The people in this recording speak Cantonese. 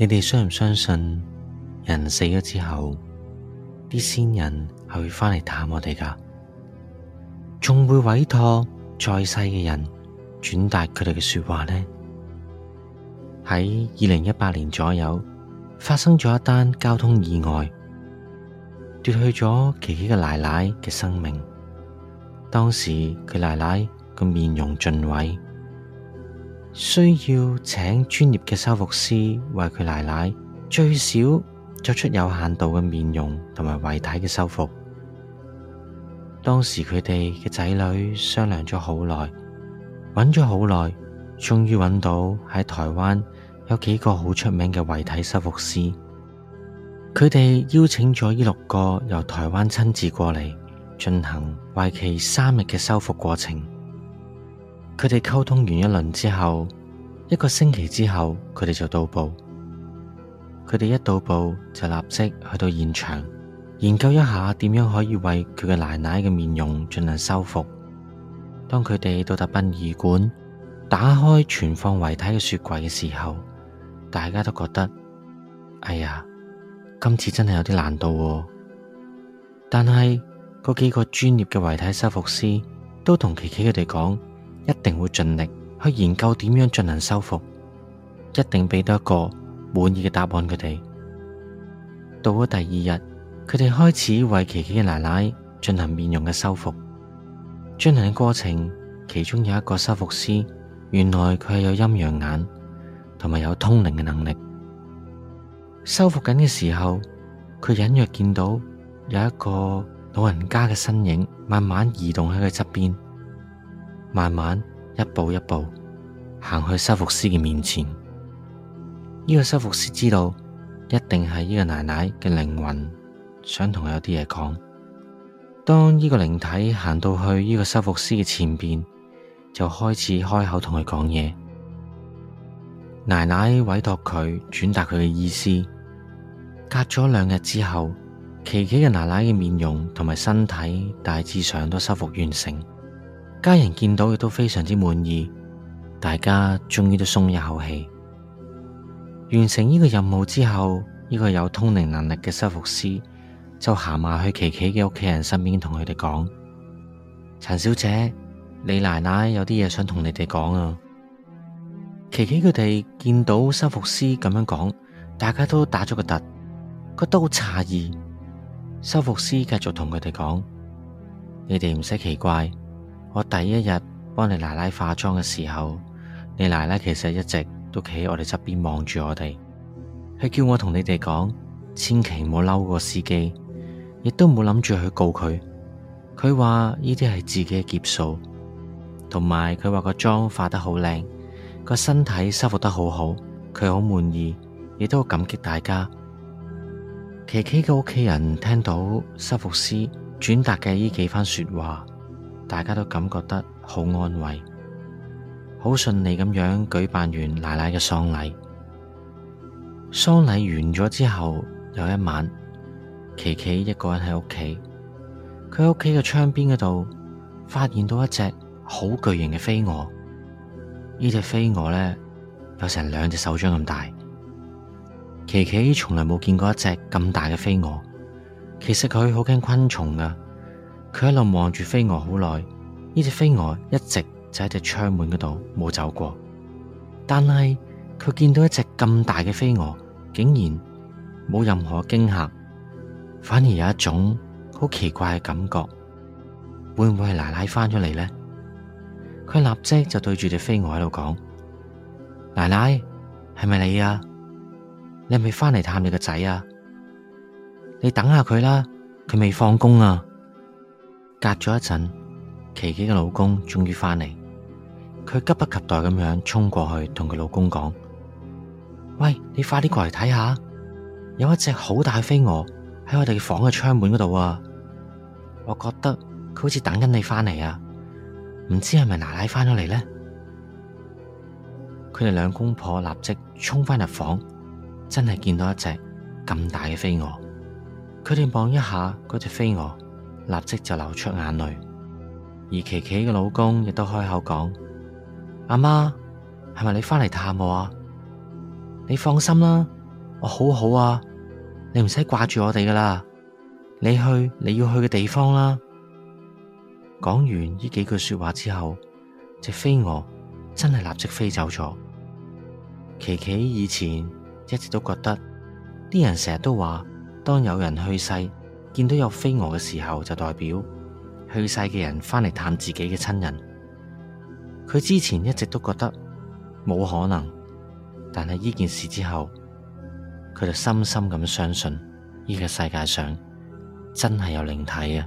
你哋相唔相信人死咗之後，啲先人係會返嚟探我哋噶，仲會委託在世嘅人轉達佢哋嘅說話呢？喺二零一八年左右發生咗一單交通意外，奪去咗琪琪嘅奶奶嘅生命。當時佢奶奶個面容盡毀。需要請專業嘅修復師為佢奶奶最少作出有限度嘅面容同埋遺體嘅修復。當時佢哋嘅仔女商量咗好耐，揾咗好耐，終於揾到喺台灣有幾個好出名嘅遺體修復師。佢哋邀請咗呢六個由台灣親自過嚟進行為期三日嘅修復過程。佢哋溝通完一輪之後，一個星期之後，佢哋就到埗。佢哋一到埗，就立即去到現場研究一下點樣可以為佢嘅奶奶嘅面容進行修復。當佢哋到達殯儀館，打開存放遺體嘅雪櫃嘅時候，大家都覺得哎呀，今次真係有啲難度啊。但係嗰幾個專業嘅遺體修復師都同琪琪佢哋講。一定會盡力去研究點樣進行修復，一定俾到一個滿意嘅答案。佢哋到咗第二日，佢哋開始為琪琪嘅奶奶進行面容嘅修復。進行嘅過程，其中有一個修復師，原來佢係有陰陽眼同埋有通靈嘅能力。修復緊嘅時候，佢隱約見到有一個老人家嘅身影，慢慢移動喺佢側邊。慢慢一步一步行去修復師嘅面前，呢個修復師知道一定係呢個奶奶嘅靈魂想同佢有啲嘢講。當呢個靈體行到去呢個修復師嘅前邊，就開始開口同佢講嘢。奶奶委託佢轉達佢嘅意思。隔咗兩日之後，琪琪嘅奶奶嘅面容同埋身體大致上都修復完成。家人見到亦都非常之滿意，大家終於都鬆一口氣。完成呢個任務之後，呢個有通靈能力嘅修復師就行埋去琪琪嘅屋企人身邊，同佢哋講：陳小姐，你奶奶有啲嘢想同你哋講啊。琪琪佢哋見到修復師咁樣講，大家都打咗個突，覺得好詫異。修復師繼續同佢哋講：你哋唔使奇怪。我第一日幫你奶奶化妝嘅時候，你奶奶其實一直都企喺我哋側邊望住我哋，佢叫我同你哋講，千祈唔好嬲個司機，亦都唔好諗住去告佢。佢話呢啲係自己嘅劫數，同埋佢話個妝化得好靚，個身體修復得好好，佢好滿意，亦都感激大家。琪琪嘅屋企人聽到修復師轉達嘅呢幾番說話。大家都感覺得好安慰，好順利咁樣舉辦完奶奶嘅喪禮。喪禮完咗之後，有一晚，琪琪一個人喺屋企，佢喺屋企嘅窗邊嗰度發現到一隻好巨型嘅飛蛾。呢隻飛蛾呢，有成兩隻手掌咁大，琪琪從來冇見過一隻咁大嘅飛蛾。其實佢好驚昆蟲噶、啊。佢一路望住飛蛾好耐，呢隻飛蛾一直就喺隻窗門嗰度冇走過。但係佢見到一隻咁大嘅飛蛾竟然冇任何驚吓，反而有一種好奇怪嘅感覺。會唔會係奶奶翻咗嚟呢？佢立即就對住隻飛蛾喺度講：奶奶係咪你啊？你係咪翻嚟探你個仔啊？你等下佢啦，佢未放工啊！隔咗一陣，琪琪嘅老公終於翻嚟，佢急不及待咁樣衝過去同佢老公講：「喂，你快啲過嚟睇下，有一隻好大嘅飛蛾喺我哋房嘅窗門嗰度啊！我覺得佢好似等緊你翻嚟啊，唔知係咪奶奶翻咗嚟呢？」佢哋兩公婆立即衝翻入房，真係見到一隻咁大嘅飛蛾。佢哋望一下嗰隻飛蛾。立即就流出眼淚，而琪琪嘅老公亦都開口講：阿媽，係咪你返嚟探我啊？你放心啦，我好好啊，你唔使掛住我哋噶啦，你去你要去嘅地方啦。講完呢幾句說話之後，隻飛蛾真係立即飛走咗。琪琪以前一直都覺得，啲人成日都話，當有人去世。見到有飛蛾嘅時候，就代表去世嘅人返嚟探自己嘅親人。佢之前一直都覺得冇可能，但係呢件事之後，佢就深深咁相信呢個世界上真係有靈體啊！